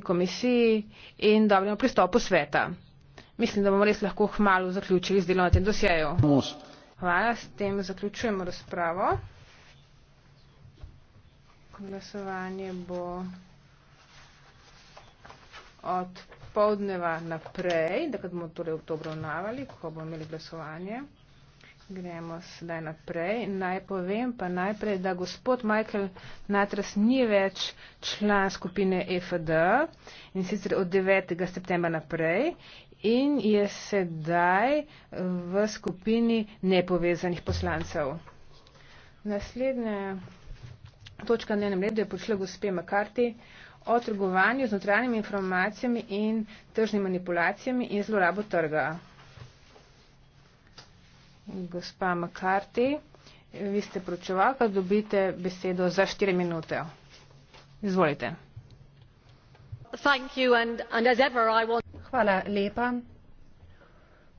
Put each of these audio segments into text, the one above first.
komisiji in dobremu pristopu sveta. Mislim, da bomo res lahko hmalo zaključili z delom na tem dosjeju. Hvala, s tem zaključujemo razpravo. Glasovanje bo od povdneva naprej, da kad bomo torej oktobra unavali, ko bomo imeli glasovanje. Gremo sedaj naprej. Naj povem pa najprej, da gospod Michael Natras ni več član skupine EFD in sicer od 9. septembra naprej in je sedaj v skupini nepovezanih poslancev. Naslednja točka na enem redu je prišla gospe Makarti o trgovanju z notranjimi informacijami in tržnimi manipulacijami in zlorabo trga gospa McCarthy. Vi ste pročevalka, dobite besedo za 4 minute. Izvolite. Thank you and, and as ever I want... Hvala lepa.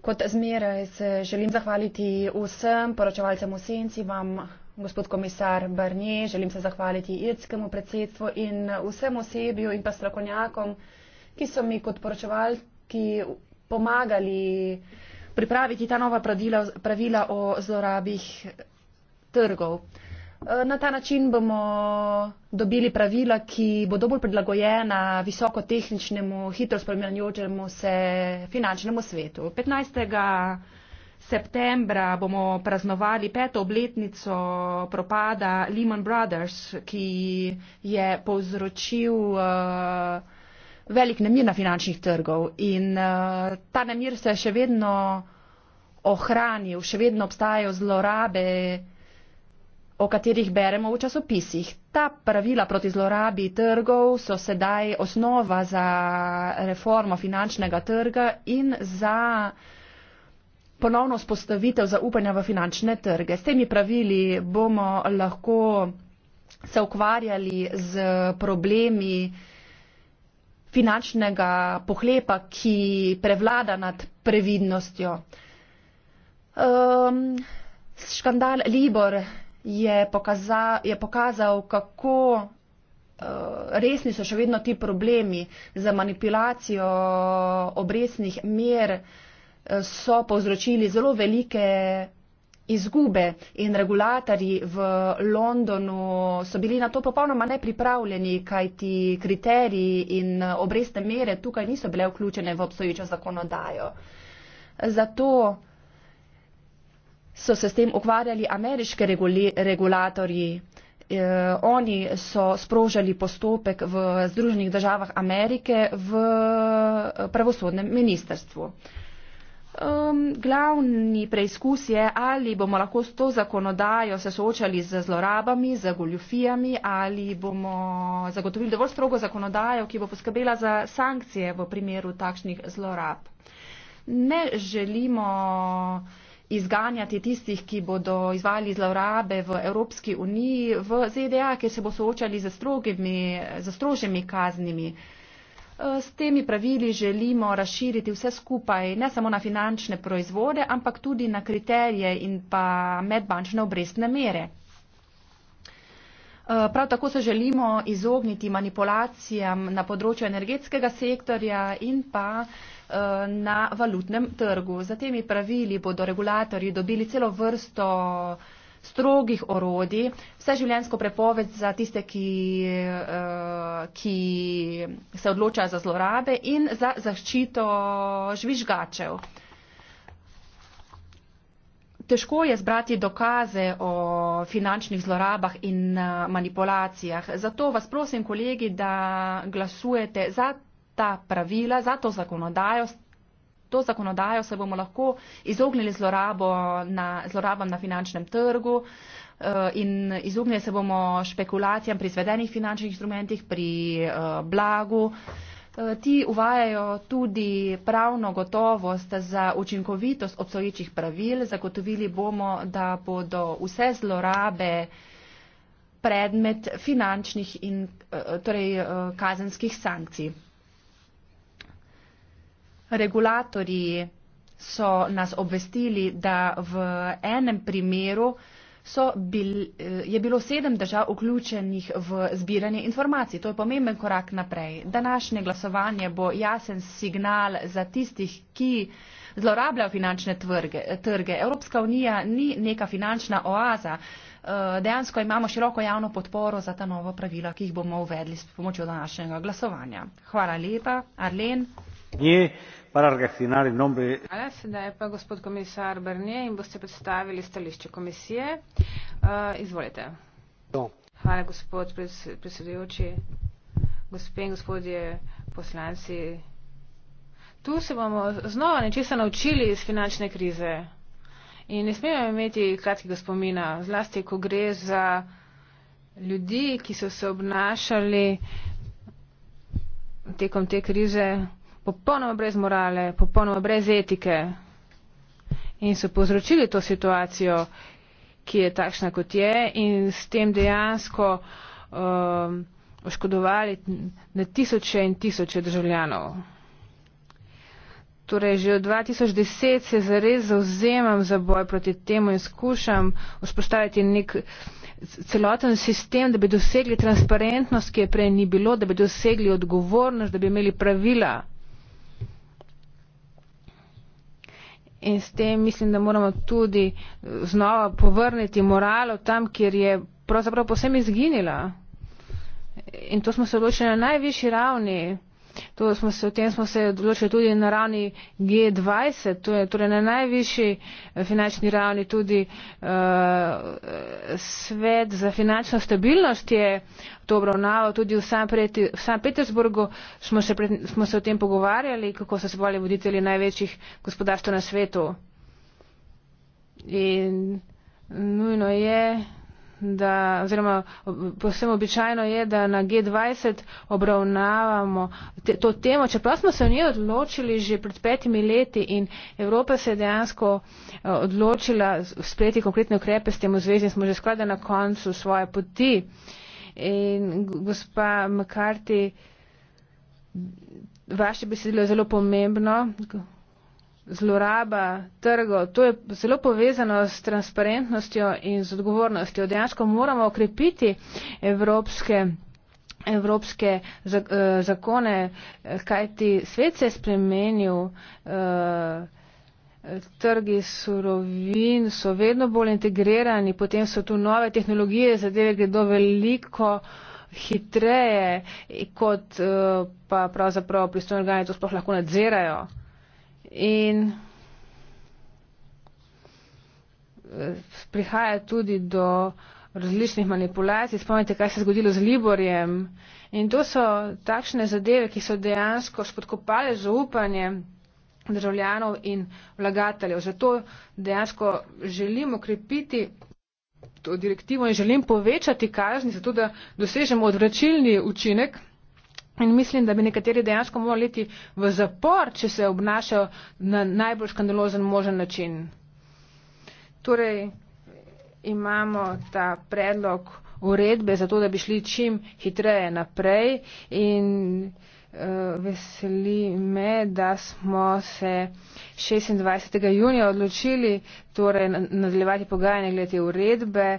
Kot zmeraj se želim zahvaliti vsem poročevalcem v senci, vam gospod komisar Barnier, želim se zahvaliti irskemu predsedstvu in vsem osebju in pa strokovnjakom, ki so mi kot poročevalki pomagali pripraviti ta nova pravila, pravila o zlorabih trgov. E, na ta način bomo dobili pravila, ki bodo bolj prilagojena visokotehničnemu, hitro spremenjujočemu se finančnemu svetu. 15. septembra bomo praznovali peto obletnico propada Lehman Brothers, ki je povzročil uh, velik nemir na finančnih trgov in eh, ta nemir se še vedno ohranil, še vedno obstajajo zlorabe, o katerih beremo v časopisih. Ta pravila proti zlorabi trgov so sedaj osnova za reformo finančnega trga in za ponovno spostavitev zaupanja v finančne trge. S temi pravili bomo lahko se ukvarjali z problemi, finančnega pohlepa, ki prevlada nad previdnostjo. Um, škandal Libor je, pokaza, je pokazal, kako e, Resni so še vedno ti problemi za manipulacijo obresnih mer, e, so povzročili zelo velike izgube in regulatorji v Londonu so bili na to popolnoma nepripravljeni, kajti kriteriji in eh, obrestne mere tukaj niso bile vključene v obstoječo zakonodajo. Zato so se s tem ukvarjali ameriške regulatorji. Eh, oni so sprožali postopek v Združenih državah Amerike v eh, pravosodnem ministrstvu. Eh, Um, glavni preizkus je, ali bomo lahko s to zakonodajo se soočali z zlorabami, z goljufijami, ali bomo zagotovili dovolj strogo zakonodajo, ki bo poskrbela za sankcije v primeru takšnih zlorab. Ne želimo izganjati tistih, ki bodo izvali zlorabe v Evropski uniji, v ZDA, ki se bo soočali z strožjimi kaznimi. Uh, S temi pravili želimo razširiti vse skupaj, ne samo na finančne proizvode, ampak tudi na kriterije in pa medbančne obrestne mere. Eh, prav tako se želimo izogniti manipulacijam na področju energetskega sektorja in pa eh, na valutnem trgu. Za temi pravili bodo regulatorji dobili celo vrsto strogih orodij, vseživljensko prepoved za tiste, ki, eh, ki se odločajo za zlorabe in za zaščito žvižgačev. Težko je zbrati dokaze o finančnih zlorabah in eh, manipulacijah. Zato vas prosim, kolegi, da glasujete za ta pravila, za to zakonodajost, to zakonodajo se bomo lahko izognili na, zlorabam na finančnem trgu eh, in izognili se bomo špekulacijam pri izvedenih finančnih instrumentih, pri eh, blagu. Eh, ti uvajajo tudi pravno gotovost za učinkovitost obstoječih pravil. Zagotovili bomo, da bodo vse zlorabe predmet finančnih in torej, kazenskih sankcij. Regulatorji so nas obvestili, da v enem primeru bil, eh, je bilo sedem držav vključenih v zbiranje informacij. To je pomemben korak naprej. Današnje glasovanje bo jasen signal za tistih, ki zlorabljajo finančne trge. trge. Evropska unija ni neka finančna oaza. Eh, dejansko imamo široko javno podporo za ta nova pravila, ki jih bomo uvedli s pomočjo današnjega glasovanja. Hvala lepa. Arlen. Nje. Hvala, sedaj pa gospod komisar Barnier in boste predstavili stališče komisije. Uh, izvolite. No. Hvala, gospod predsedujoči, gospe in gospodje poslanci. Tu se bomo znova nečesa naučili iz finančne krize in ne smemo imeti kratkega spomina, zlasti, ko gre za ljudi, ki so se obnašali tekom te krize popolnoma brez morale, popolnoma brez etike in so povzročili to situacijo, ki je takšna, kot je in s tem dejansko um, oškodovali na tisoče in tisoče državljanov. Torej, že od 2010 se zares zauzemam za boj proti temu in skušam vzpostaviti nek celoten sistem, da bi dosegli transparentnost, ki je prej ni bilo, da bi dosegli odgovornost, da bi imeli pravila. in s tem mislim, da moramo tudi znova povrniti moralo tam, kjer je pravzaprav posem izginila. In to smo se odločili na najvišji ravni smo se, o tem smo se odločili tudi na ravni G20, to je torej na najvišji eh, finančni ravni tudi uh, svet za finančno stabilnost je to obravnaval, tudi v St. Petersburgu smo se, pred, smo se o tem pogovarjali, kako so se bali voditelji največjih gospodarstv na svetu. In nujno je da, oziroma posebno običajno je, da na G20 obravnavamo te, to temo, čeprav smo se v njej odločili že pred petimi leti in Evropa se je dejansko eh, odločila sprejeti konkretne ukrepe s tem v zvezi, smo že skoraj na koncu svoje poti. In gospa McCarthy, vaše besedilo je zelo pomembno zloraba trgov, to je zelo povezano s transparentnostjo in z odgovornostjo. Dejansko moramo okrepiti evropske evropske eh, zakone, kaj ti svet se je spremenil, eh, trgi surovin so vedno bolj integrirani, potem so tu nove tehnologije, zadeve gredo veliko hitreje, kot eh, pa pravzaprav pristojni organi to sploh lahko nadzirajo in eh, prihaja tudi do različnih manipulacij. Spomnite, kaj se je zgodilo z Liborjem. In to so takšne zadeve, ki so dejansko spodkopale zaupanje državljanov in vlagateljev. Zato dejansko želim okrepiti to direktivo in želim povečati kazni, zato da dosežemo odvračilni učinek. In mislim, da bi nekateri dejansko morali iti v zapor, če se obnašajo na najbolj škandalozen možen način. Torej, imamo ta predlog uredbe za to, da bi šli čim hitreje naprej in uh, veseli me, da smo se 26. junija odločili torej, nadaljevati pogajanje glede te uredbe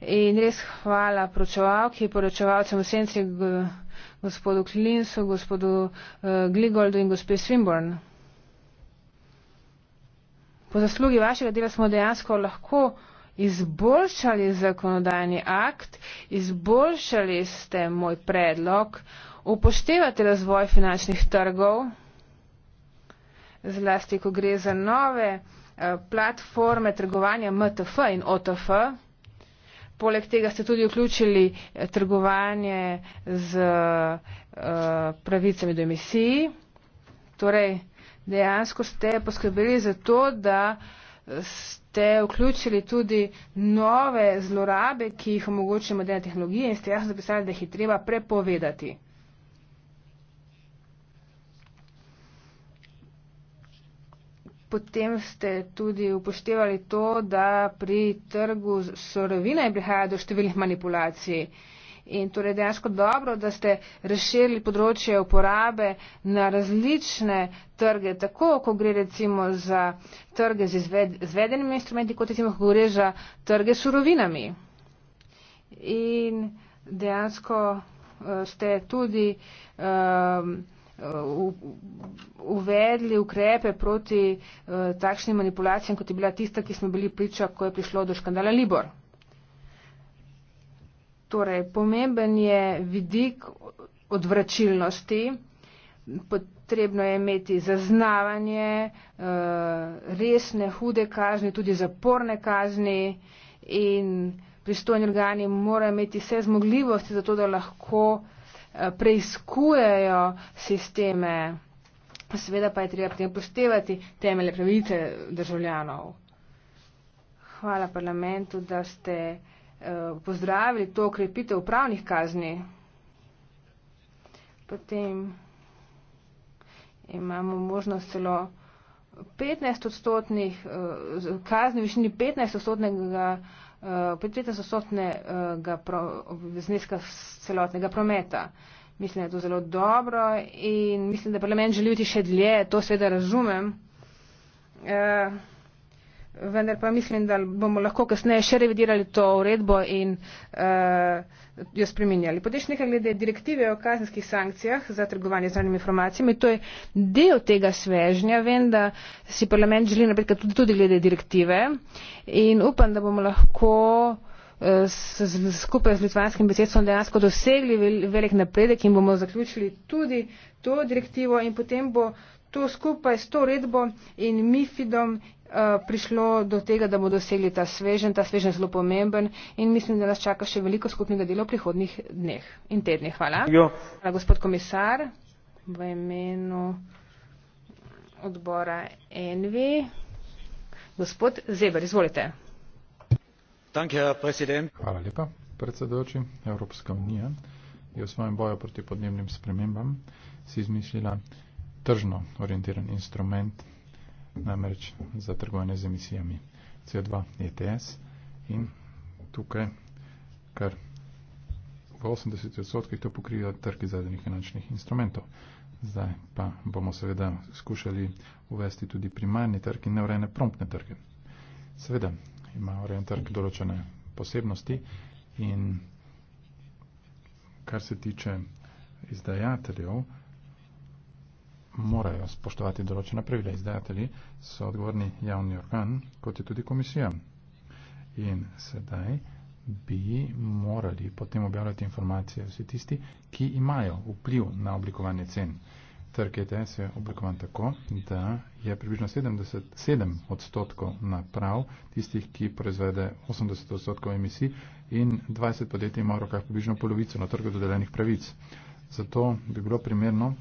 in res hvala poročevalki, poročevalcem v senci. Uh, gospodu Klinsu, gospodu uh, Gligoldu in gospe Swinburn. Po zaslugi vašega dela smo dejansko lahko izboljšali zakonodajni akt, izboljšali ste moj predlog, upoštevate razvoj finančnih trgov, zlasti ko gre za nove uh, platforme trgovanja MTF in OTF. Poleg tega ste tudi vključili eh, trgovanje z eh, pravicami do emisiji. Torej, dejansko ste poskrbeli za to, da eh, ste vključili tudi nove zlorabe, ki jih omogočuje moderna tehnologija in ste jasno zapisali, da jih je treba prepovedati. Potem ste tudi upoštevali to, da pri trgu sorovine prihaja do številnih manipulacij. In torej dejansko dobro, da ste razširili področje uporabe na različne trge, tako ko gre recimo za trge z izvedenimi instrumenti, kot recimo ko gre za trge s surovinami. In dejansko eh, ste tudi. Um, Eh, uvedli ukrepe proti eh, takšnim manipulacijam, kot je bila tista, ki smo bili priča, ko je prišlo do škandala Libor. Torej, pomemben je vidik odvračilnosti, potrebno je imeti zaznavanje, eh, resne, hude kazni, tudi zaporne kazni in pristojni organi morajo imeti vse zmogljivosti za to, da lahko uh, preizkujejo sisteme. Seveda pa je treba potem postevati temelje pravice državljanov. Hvala parlamentu, da ste eh, pozdravili to okrepitev upravnih kazni. Potem imamo možnost celo 15 odstotnih eh, kazni, višini 15 odstotnega Eh, podjetja so sotnega zneska celotnega prometa. Mislim, da je to zelo dobro in mislim, da parlament želi biti še dlje, to seveda razumem. Uh, vendar pa mislim, da bomo lahko kasneje še revidirali to uredbo in uh, jo spreminjali. Potem še nekaj glede direktive o kazenskih sankcijah za trgovanje z javnimi informacijami. To je del tega svežnja, vem, da si parlament želi napredka tudi, tudi glede direktive in upam, da bomo lahko eh, skupaj z litvanskim besedstvom dejansko dosegli velik napredek in bomo zaključili tudi to direktivo in potem bo to skupaj s to redbo in MIFIDom Eh, prišlo do tega, da bodo dosegli ta svežen. Ta svežen je zelo pomemben in mislim, da nas čaka še veliko skupnega dela v prihodnih dneh in tednih. Hvala. Hvala, gospod komisar, v imenu odbora Envi. Gospod Zeber, izvolite. Hvala lepa, predsedoči Evropska unija je v svojem boju proti podnebnim spremembam si izmislila tržno orientiran instrument namreč za trgovanje z emisijami CO2 ETS in tukaj kar v 80 odstotkih to pokriva trg izvedenih finančnih instrumentov. Zdaj pa bomo seveda skušali uvesti tudi primarni trg in neurejene promptne trge. Seveda ima urejen trg določene posebnosti in kar se tiče izdajateljev, morajo spoštovati določena pravila. Izdajatelji so odgovorni javni organ, kot je tudi komisija. In sedaj bi morali potem objavljati informacije vsi tisti, ki imajo vpliv na oblikovanje cen. Trg ETS je oblikovan tako, da je približno 77 odstotkov naprav tistih, ki proizvede 80 odstotkov emisij in 20 podjetij ima v rokah približno polovico na trgu dodeljenih pravic. Zato bi bilo primerno,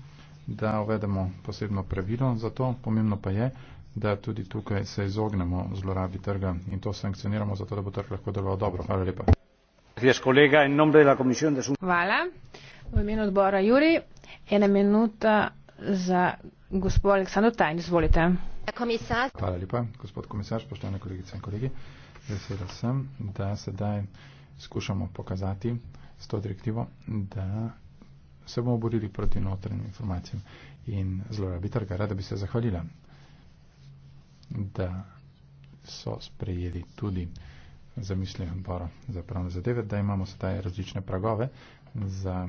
da uvedemo posebno pravilo za to. Pomembno pa je, da tudi tukaj se izognemo zlorabi trga in to sankcioniramo, zato da bo trg lahko deloval dobro. Hvala lepa. Hvala. V imenu odbora Juri, ena minuta za gospod Aleksandr Tajn, izvolite. Hvala lepa, gospod komisar, spoštovane kolegice in kolegi. Vesela sem, da sedaj skušamo pokazati s to direktivo, da se bomo borili proti notranjim informacijam in zlorabi trga. Rada bi se zahvalila, da so sprejeli tudi zamisljen odbor za pravne zadeve, da imamo sedaj različne pragove za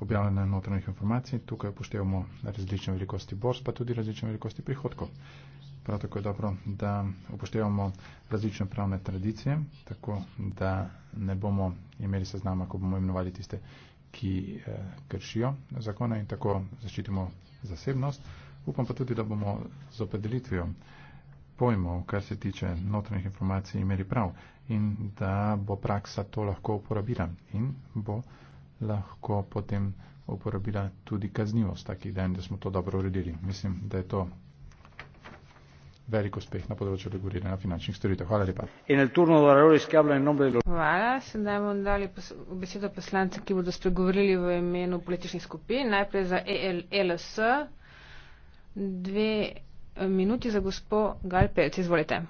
objavljanje notranjih informacij. Tukaj upoštevamo različne velikosti borz, pa tudi različne velikosti prihodkov. Prav tako je dobro, da upoštevamo različne pravne tradicije, tako da ne bomo imeli seznama, ko bomo imenovali tiste ki eh, kršijo zakone in tako zaščitimo zasebnost. Upam pa tudi, da bomo z opredelitvijo pojmov, kar se tiče notranjih informacij, imeli prav in da bo praksa to lahko uporabila in bo lahko potem uporabila tudi kaznivost takih dejanj, da smo to dobro uredili. Mislim, da je to velik uspeh na področju reguliranja finančnih storitev. Hvala lepa. Hvala. Sedaj bomo dali pos besedo poslancem, ki bodo spregovorili v imenu političnih skupin. Najprej za EL e LS. Dve eh, minuti za gospo Galpec. Izvolite.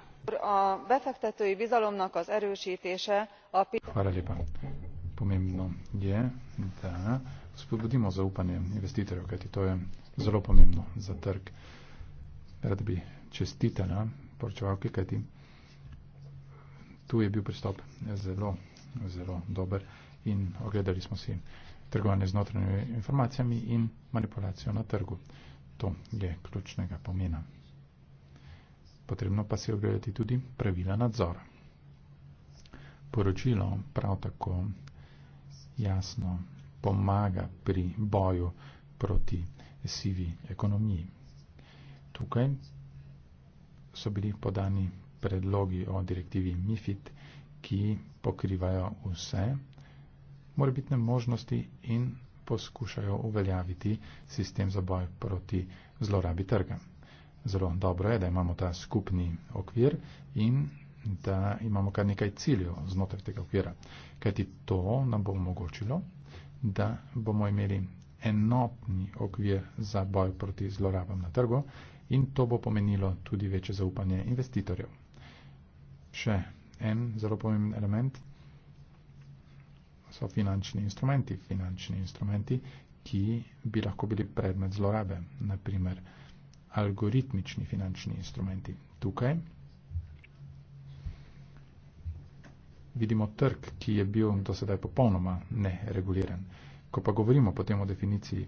Hvala lepa. Pomembno je, da spodbudimo zaupanje investitorjev, kajti to je zelo pomembno za trg. Rad bi čestita na poročevalki, kajti tu je bil pristop zelo, zelo dober in ogledali smo si trgovanje z notranjimi informacijami in manipulacijo na trgu. To je ključnega pomena. Potrebno pa si ogledati tudi pravila nadzora. Poročilo prav tako jasno pomaga pri boju proti sivi ekonomiji. Tukaj so bili podani predlogi o direktivi MIFID, ki pokrivajo vse morebitne možnosti in poskušajo uveljaviti sistem za boj proti zlorabi trga. Zelo dobro je, da imamo ta skupni okvir in da imamo kar nekaj ciljev znotraj tega okvira. Kajti to nam bo omogočilo, da bomo imeli enotni okvir za boj proti zlorabam na trgu in to bo pomenilo tudi večje zaupanje investitorjev. Še en zelo pomemben element so finančni instrumenti. Finančni instrumenti, ki bi lahko bili predmet zlorabe, naprimer algoritmični finančni instrumenti. Tukaj vidimo trg, ki je bil do sedaj popolnoma nereguliran. Ko pa govorimo potem o definiciji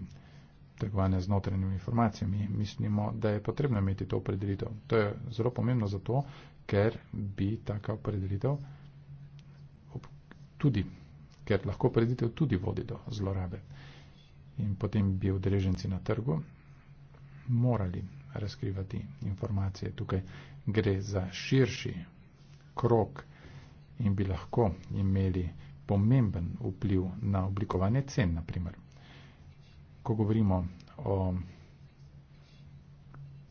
trgovanja z notranjimi informacijami. Mislimo, da je potrebno imeti to opredelitev. To je zelo pomembno zato, ker bi taka opredelitev tudi, ker lahko opredelitev tudi vodi do zlorabe. In potem bi udeleženci na trgu morali razkrivati informacije. Tukaj gre za širši krok in bi lahko imeli pomemben vpliv na oblikovanje cen, naprimer ko govorimo o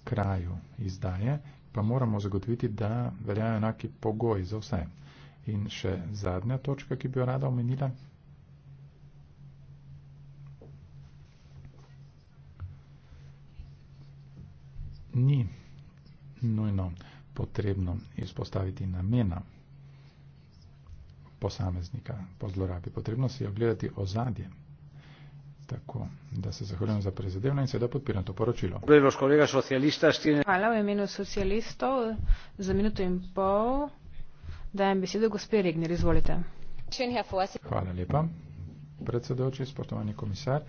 kraju izdaje, pa moramo zagotoviti, da veljajo enaki pogoji za vse. In še zadnja točka, ki bi jo rada omenila. Ni nujno potrebno izpostaviti namena posameznika po zlorabi. Potrebno si je ogledati ozadje. Tako, da se zahvaljujem za prizadevanje in seveda podpiram to poročilo. Torej, Hvala v imenu socialistov za minuto in pol. Dajem besedo gospe Regner, izvolite. Hvala lepa, predsedoči, spoštovani komisar.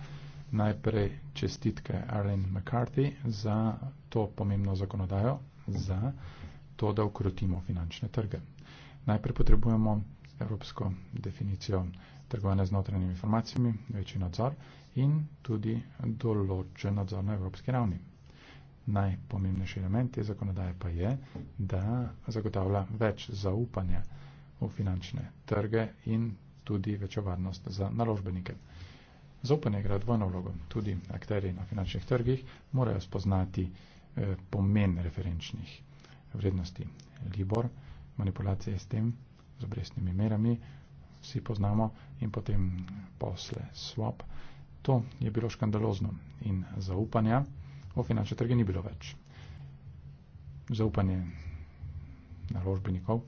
Najprej čestitke Arlene McCarthy za to pomembno zakonodajo, za to, da ukrotimo finančne trge. Najprej potrebujemo evropsko definicijo trgovanja z notranjimi informacijami, večji nadzor in tudi določen nadzor na evropski ravni. Najpomembnejši element te zakonodaje pa je, da zagotavlja več zaupanja v finančne trge in tudi večjo varnost za naložbenike. Zaupanje igra dvojno vlogo. Tudi akteri na finančnih trgih morajo spoznati eh, pomen referenčnih vrednosti. Libor, manipulacije s tem, z obrestnimi merami, vsi poznamo, in potem posle swap. To je bilo škandalozno in zaupanja v finančne trge ni bilo več. Zaupanje naložbenikov,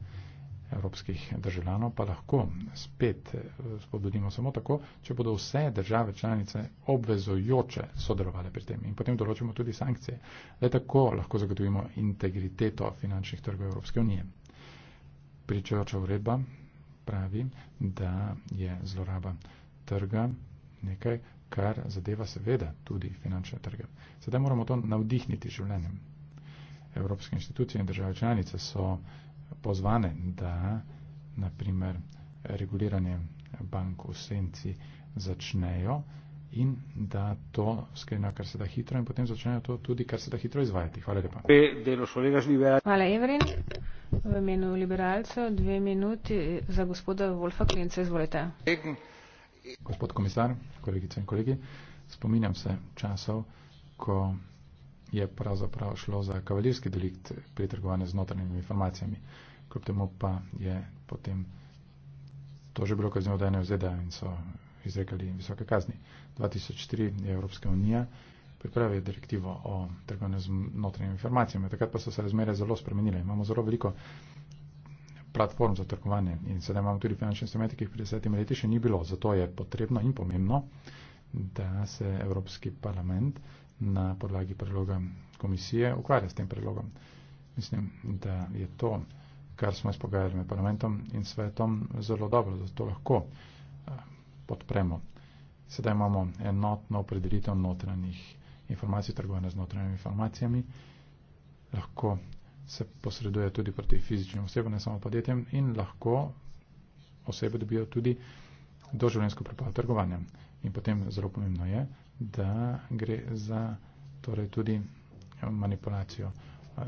evropskih državljanov pa lahko spet eh, spodbudimo samo tako, če bodo vse države članice obvezojoče sodelovali pri tem in potem določimo tudi sankcije. Le tako lahko zagotovimo integriteto finančnih trgov Evropske unije. Pričajoča uredba pravi, da je zloraba trga nekaj, kar zadeva seveda tudi finančne trge. Sedaj moramo to navdihniti življenjem. Evropske inštitucije in države članice so pozvane, da naprimer reguliranje bank v senci začnejo in da to skrenijo kar se da hitro in potem začnejo to tudi kar se da hitro izvajati. Hvala lepa. Hvala, Evren. V imenu liberalcev dve minuti za gospoda Wolfa Klince, izvolite. Gospod komisar, kolegice in kolegi, spominjam se časov, ko je pravzaprav šlo za kavalirski delikt pri trgovanju z notranjimi informacijami. Kljub temu pa je potem to že bilo kaznivo dajanje v ZDA in so izrekali visoke kazni. 2004 je Evropska unija pripravi direktivo o trgovanju z notranjimi informacijami. Takrat pa so se razmere zelo spremenile. Imamo zelo veliko platform za trgovanje in sedaj imamo tudi finančne instrumente, ki jih pred desetimi leti še ni bilo. Zato je potrebno in pomembno, da se Evropski parlament na podlagi predloga komisije ukvarja s tem predlogom. Mislim, da je to, kar smo izpogajali med parlamentom in svetom, zelo dobro, da to lahko eh, podpremo. Sedaj imamo enotno opredelitev notranjih informacij, trgovanja z notranjimi informacijami, lahko se posreduje tudi proti fizičnim osebam, ne samo podjetjem in lahko osebe dobijo tudi doživljenjsko prepoved trgovanja. In potem zelo pomembno je, da gre za torej tudi manipulacijo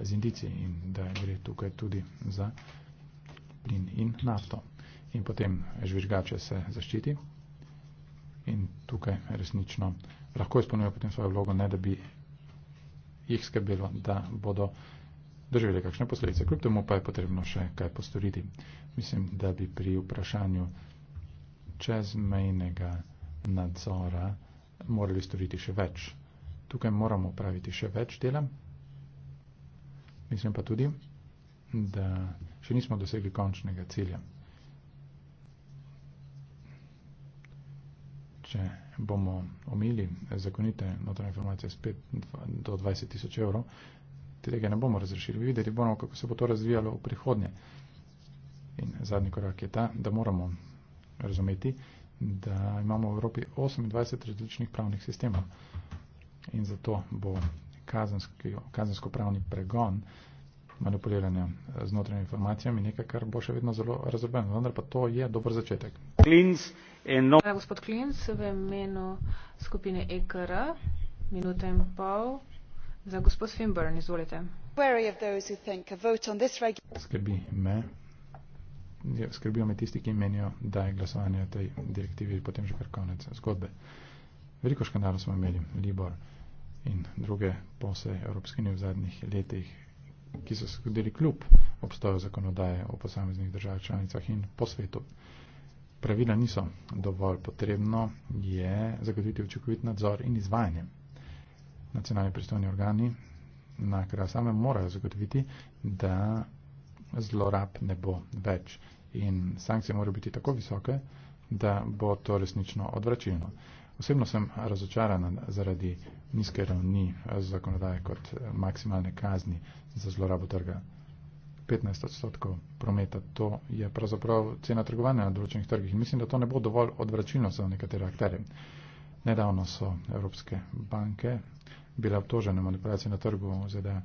z indici in da gre tukaj tudi za plin in nafto. In potem žvižgače se zaščiti in tukaj resnično lahko izpolnijo potem svojo vlogo, ne da bi jih skrbelo, da bodo doživeli kakšne posledice. Kljub temu pa je potrebno še kaj postoriti. Mislim, da bi pri vprašanju čezmejnega nadzora morali storiti še več. Tukaj moramo praviti še več dela. Mislim pa tudi, da še nismo dosegli končnega cilja. če bomo omili zakonite notranje informacije z 5 do 20 tisoč evrov, tega ne bomo razrešili. Videli bomo, kako se bo to razvijalo v prihodnje. In zadnji korak je ta, da moramo razumeti, da imamo v Evropi 28 različnih pravnih sistemov. In zato bo kazensko-pravni pregon manipuliranja z notranjimi informacijami nekaj, kar bo še vedno zelo razrobeno. Vendar pa to je dober začetek. Klins. Eno... Gospod Klins, v imenu skupine EKR, minuta in pol. Za gospod Finburn, izvolite. Skrbi me. Skrbijo me tisti, ki menijo, da je glasovanje o tej direktivi potem že kar konec zgodbe. Veliko škandalov smo imeli, Libor in druge pose Evropske unije v zadnjih letih, ki so se zgodili kljub obstoju zakonodaje o posameznih državah članicah in po svetu pravila niso dovolj potrebno, je zagotoviti učinkovit nadzor in izvajanje. Nacionalni pristojni organi na kraju same morajo zagotoviti, da zlorab ne bo več in sankcije morajo biti tako visoke, da bo to resnično odvračilno. Osebno sem razočarana zaradi nizke ravni zakonodaje kot maksimalne kazni za zlorabo trga. 15 odstotkov prometa. To je pravzaprav cena trgovanja na določenih trgih. In mislim, da to ne bo dovolj odvračilno za nekatere akterje. Nedavno so evropske banke bile obtožene manipulacije na trgu ZDA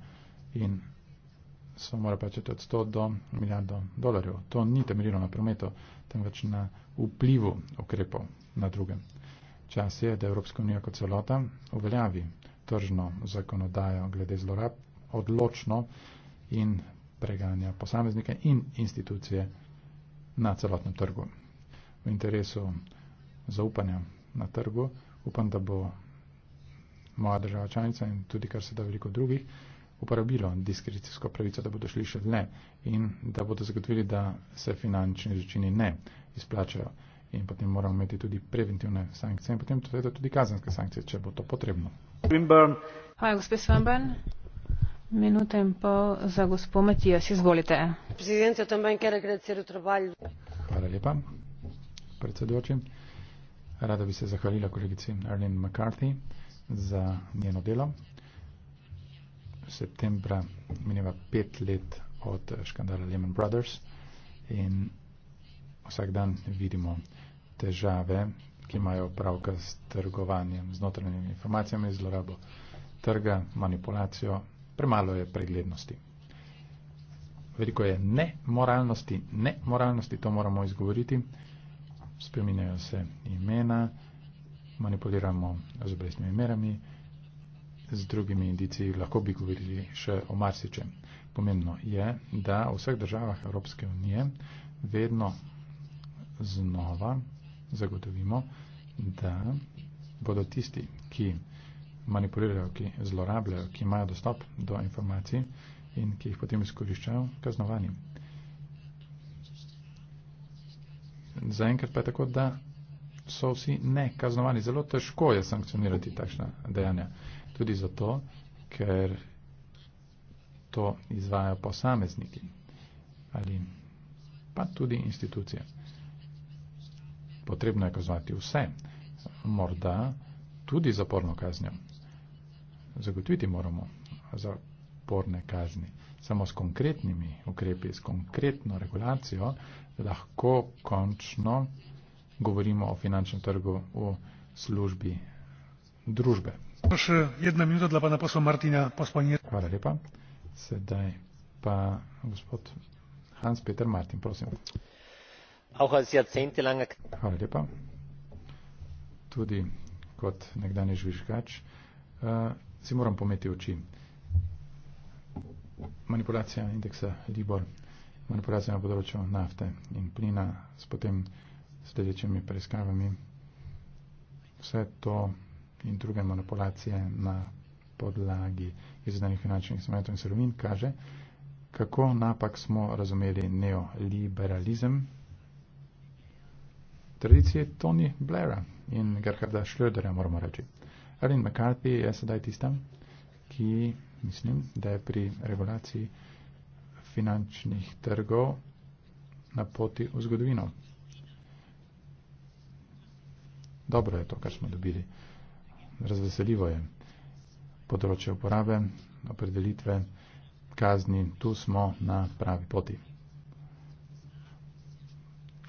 in so morali plačati od 100 do milijardo dolarjev. To ni temeljilo na prometu, temveč na vplivu ukrepov na druge. Čas je, da Evropska unija kot celota uveljavi tržno zakonodajo glede zlorab odločno in preganja posameznike in institucije na celotnem trgu. V interesu zaupanja na trgu upam, da bo moja država članica in tudi kar se da veliko drugih uporabilo diskrecijsko pravico, da bodo šli še dne in da bodo zagotovili, da se finančni zločini ne izplačajo in potem moramo imeti tudi preventivne sankcije in potem tudi kazenske sankcije, če bo to potrebno. Hvala, gospod Svenben. Hvala lepa, predsedujoči. Rada bi se zahvalila kolegici Arlene McCarthy za njeno delo. Septembra mineva pet let od škandala Lehman Brothers in vsak dan vidimo težave, ki imajo opravka s trgovanjem z notranjimi informacijami, zlorabo trga, manipulacijo premalo je preglednosti. Veliko je nemoralnosti, nemoralnosti, to moramo izgovoriti. Spreminjajo se imena, manipuliramo z obrestnimi merami, z drugimi indici lahko bi govorili še o marsičem. Pomembno je, da v vseh državah Evropske unije vedno znova zagotovimo, da bodo tisti, ki manipulirajo, ki zlorabljajo, ki imajo dostop do informacij in ki jih potem izkoriščajo kaznovanjem. Zaenkrat pa je tako, da so vsi ne kaznovani. Zelo težko je sankcionirati takšna dejanja. Tudi zato, ker to izvajo posamezniki ali pa tudi institucije. Potrebno je kaznovati vse, morda tudi zaporno kaznjo zagotoviti moramo za porne kazni. Samo s konkretnimi ukrepi, s konkretno regulacijo lahko končno govorimo o finančnem trgu v službi družbe. Še jedna minuta, da pa naposlo Martina posponira. Hvala lepa. Sedaj pa gospod Hans Peter Martin, prosim. Hvala lepa. Tudi kot nekdani žvižgač. Eh, si moram pometi oči. Manipulacija indeksa Libor, manipulacija na področju nafte in plina s potem sledečimi preiskavami, vse to in druge manipulacije na podlagi izdanih finančnih instrumentov in surovin kaže, kako napak smo razumeli neoliberalizem tradicije Tony Blaira in Gerharda Schröderja, moramo reči. Arlene McCarthy je sedaj tista, ki mislim, da je pri regulaciji finančnih trgov na poti v zgodovino. Dobro je to, kar smo dobili. Razveseljivo je področje uporabe, opredelitve, kazni. Tu smo na pravi poti.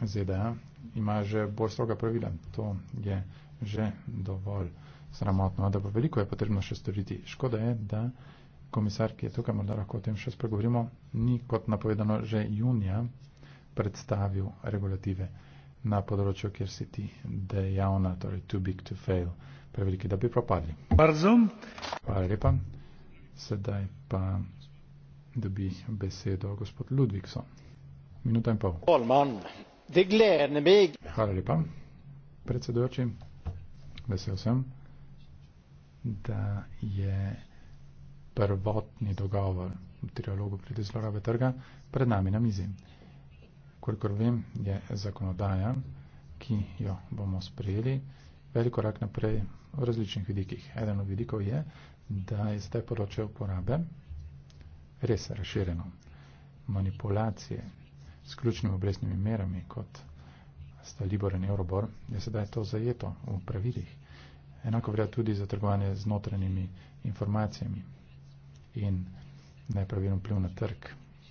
ZDA e ima že bolj stroga pravila. To je že dovolj sramotno, da bo veliko je potrebno še storiti. Škoda je, da komisar, ki je tukaj, morda lahko o tem še spregovorimo, ni kot napovedano že junija predstavil regulative na področju, kjer si ti dejavna, torej too big to fail, preveliki, da bi propadli. Barzum. Hvala lepa. Sedaj pa dobi besedo gospod Ludvikson. Minuta in pol. Hvala lepa. Predsedujoči vesel sem, da je prvotni dogovor v trialogu glede zlorabe trga pred nami na mizi. Kolikor vem, je zakonodaja, ki jo bomo sprejeli, velik korak naprej v različnih vidikih. Eden od vidikov je, da je zdaj področje uporabe res razširjeno. Manipulacije s ključnimi obresnimi merami, kot sta Libor in Eurobor, je sedaj to zajeto v pravilih enako velja tudi za trgovanje z notranjimi informacijami in nepravilno vpliv na trg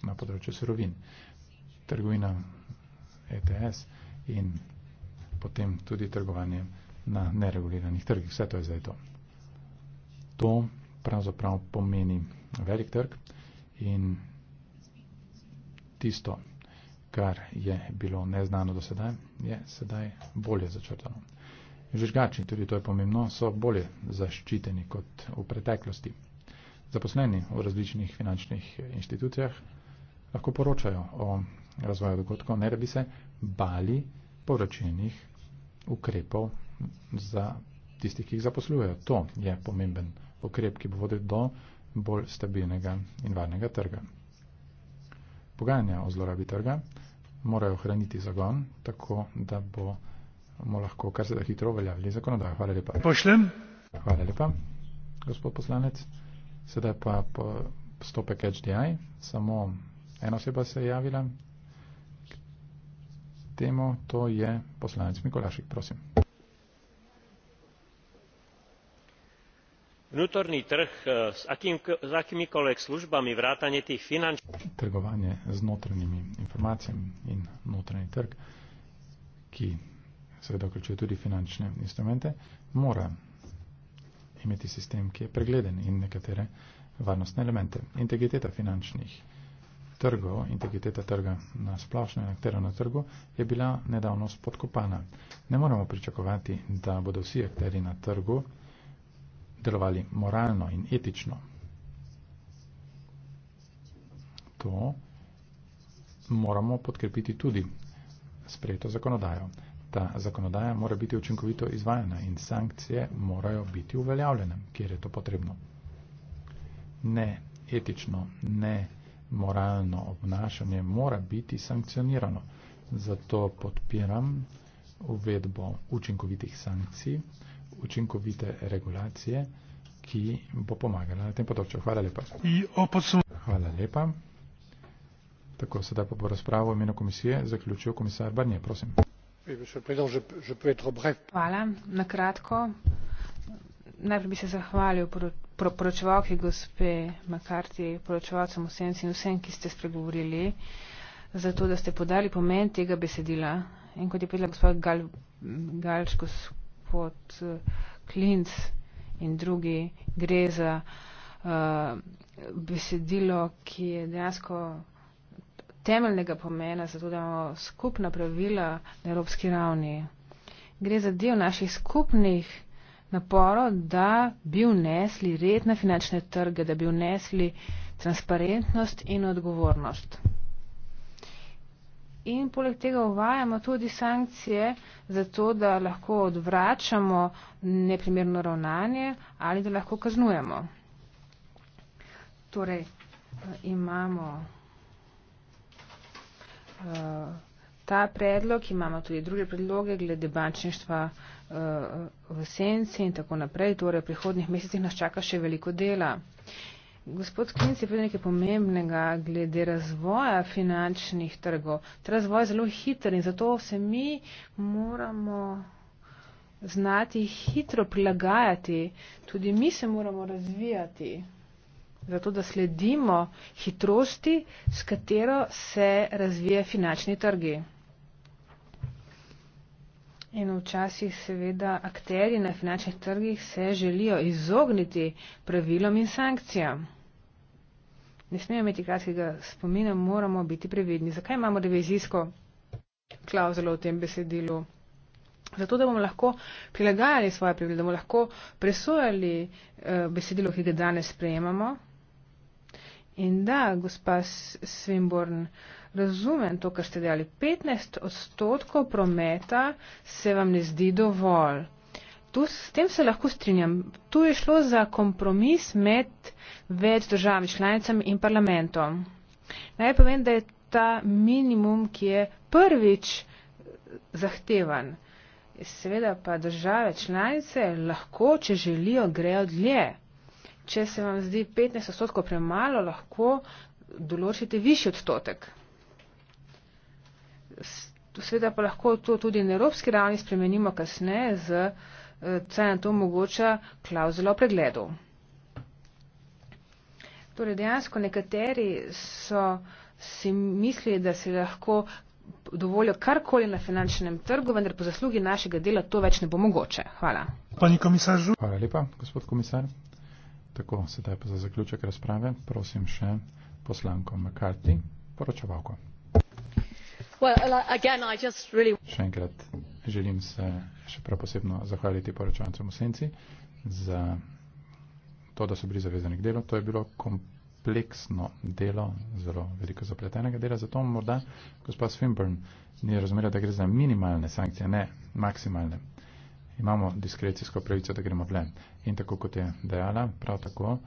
na področju surovin. Trgovina ETS in potem tudi trgovanje na nereguliranih trgih. Vse to je zdaj to. To pravzaprav pomeni velik trg in tisto, kar je bilo neznano do sedaj, je sedaj bolje začrtano. Žvižgači, tudi to je pomembno, so bolje zaščiteni kot v preteklosti. Zaposleni v različnih finančnih inštitucijah lahko poročajo o razvoju dogodkov, ne da bi se bali poročenih ukrepov za tistih, ki jih zaposlujejo. To je pomemben ukrep, ki bo vodil do bolj stabilnega in varnega trga. Pogajanja o zlorabi trga morajo hraniti zagon, tako da bo bomo lahko kar se da hitro uveljavili zakonodajo. Hvala lepa. Pošlem. Hvala lepa, gospod poslanec. Sedaj pa postopek HDI. Samo ena oseba se je javila k temu, to je poslanec Mikolašik, prosim. Vnutorni trg eh, s, akim, s akimikoli službami, vratanje tih finančnih. Trgovanje z notranjimi informacijami in notranji trg, ki seveda vključuje tudi finančne instrumente, mora imeti sistem, ki je pregleden in nekatere varnostne elemente. Integriteta finančnih trgov, integriteta trga na splošno in akterov na trgu je bila nedavno spodkopana. Ne moramo pričakovati, da bodo vsi akteri na trgu delovali moralno in etično. To moramo podkrepiti tudi sprejeto zakonodajo. Ta zakonodaja mora biti učinkovito izvajana in sankcije morajo biti uveljavljene, kjer je to potrebno. Ne etično, ne moralno obnašanje mora biti sankcionirano. Zato podpiram uvedbo učinkovitih sankcij, učinkovite regulacije, ki bo pomagala na tem področju. Hvala lepa. Hvala lepa. Tako, sedaj pa bo razpravo imeno komisije zaključil komisar Barnje. Prosim najprej bi se zahvalil poročevalki gospe McCarthy, poročevalcem v senci in vsem, ki ste spregovorili, za to, da ste podali pomen tega besedila. In kot je povedala gospod Gal, Galč, gospod Klinc in drugi, gre za uh, besedilo, ki je dejansko temeljnega pomena, zato da imamo skupna pravila na evropski ravni. Gre za del naših skupnih naporov, da bi vnesli red na finančne trge, da bi vnesli transparentnost in odgovornost. In poleg tega uvajamo tudi sankcije, zato da lahko odvračamo neprimerno ravnanje ali da lahko kaznujemo. Torej, imamo. Eh, ta predlog, imamo tudi druge predloge glede bančništva eh, v senci in tako naprej. Torej, v prihodnih mesecih nas čaka še veliko dela. Gospod Klinc je povedal nekaj pomembnega glede razvoja finančnih trgov. Ta razvoj je zelo hiter in zato se mi moramo znati hitro prilagajati. Tudi mi se moramo razvijati zato da sledimo hitrosti, s katero se razvije finančni trgi. In včasih seveda akteri na finančnih trgih se želijo izogniti pravilom in sankcijam. Ne smemo imeti kratkega spomina, moramo biti previdni. Zakaj imamo revizijsko klauzulo v tem besedilu? Zato, da bomo lahko prilagajali svoje pravile, da bomo lahko presojali eh, besedilo, ki ga danes sprejemamo, In da, gospa Svinborn, razumem to, kar ste dejali. 15 odstotkov prometa se vam ne zdi dovolj. Tu, s tem se lahko strinjam. Tu je šlo za kompromis med več državami, članicami in parlamentom. Naj povem, da je ta minimum, ki je prvič eh, zahtevan. Seveda pa države članice lahko, če želijo, grejo dlje če se vam zdi 15 odstotkov premalo, lahko določite višji odstotek. Sveda pa lahko to tudi na evropski ravni spremenimo kasneje, eh, saj nam to omogoča klauzula pregledov. Torej dejansko nekateri so si mislili, da se lahko dovolijo karkoli na finančnem trgu, vendar po zaslugi našega dela to več ne bo mogoče. Hvala. Pani komisar Žu. Hvala lepa, gospod komisar. Tako, sedaj pa za zaključek razprave prosim še poslanko McCarthy, poročevalko. Well, again, I just really... Še enkrat želim se še prav posebno zahvaliti poročevalcem v Senci za to, da so bili zavezani k delu. To je bilo kompleksno delo, zelo veliko zapletenega dela, zato morda gospod Swinburne ni razumela, da gre za minimalne sankcije, ne maksimalne imamo diskrecijsko pravico, da gremo vlen. In tako kot je dejala, prav tako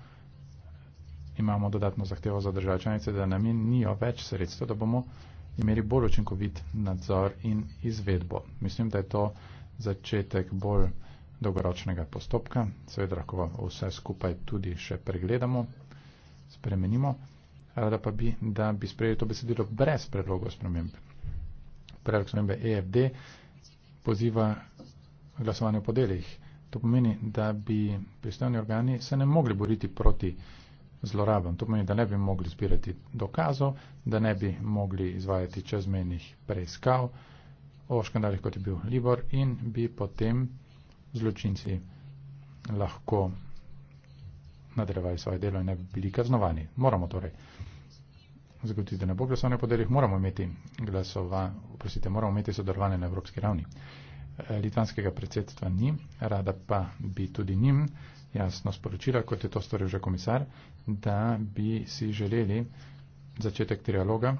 imamo dodatno zahtevo za državčanice, da nam nijo več sredstva, da bomo imeli bolj učinkovit nadzor in izvedbo. Mislim, da je to začetek bolj dolgoročnega postopka. Seveda lahko vse skupaj tudi še pregledamo, spremenimo. Rada pa bi, da bi sprejeli to besedilo brez predlogov sprememb. Predlog spremembe EFD poziva glasovanje v podeljih. To pomeni, da bi pristavni organi se ne mogli boriti proti zlorabam. To pomeni, da ne bi mogli zbirati dokazov, da ne bi mogli izvajati čezmenih preiskav o škandalih, kot je bil Libor, in bi potem zločinci lahko nadrevali svoje delo in ne bi bili kaznovani. Moramo torej zagotoviti, da ne bo glasovanje v podeljih, moramo imeti glasova, prosite, moramo imeti sodelovanje na evropski ravni. Eh, litvanskega predsedstva ni, rada pa bi tudi njim jasno sporočila, kot je to storil že komisar, da bi si želeli začetek trialoga,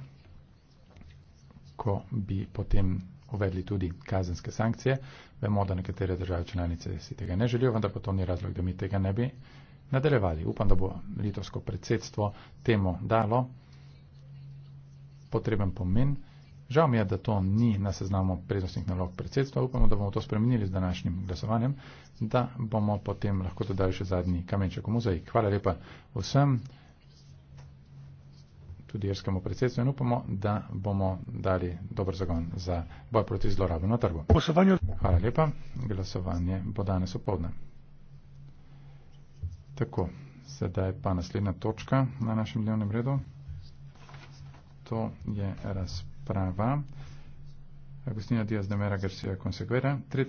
ko bi potem uvedli tudi kazenske sankcije. Vemo, da nekatere države članice si tega ne želijo, vendar pa to ni razlog, da mi tega ne bi nadaljevali. Upam, da bo litovsko predsedstvo temu dalo potreben pomen. Žal mi je, da to ni na seznamu prednostnih nalog predsedstva. Upamo, da bomo to spremenili z današnjim glasovanjem, da bomo potem lahko dodali še zadnji kamenček v muzej. Hvala lepa vsem, tudi irskemu predsedstvu in upamo, da bomo dali dober zagon za boj proti zlorabi na trgu. Hvala lepa. Glasovanje bo danes opoldne. Tako, sedaj pa naslednja točka na našem dnevnem redu. To je razpoloženje prava. Agustina Díaz de Mera García Consecuera. 3.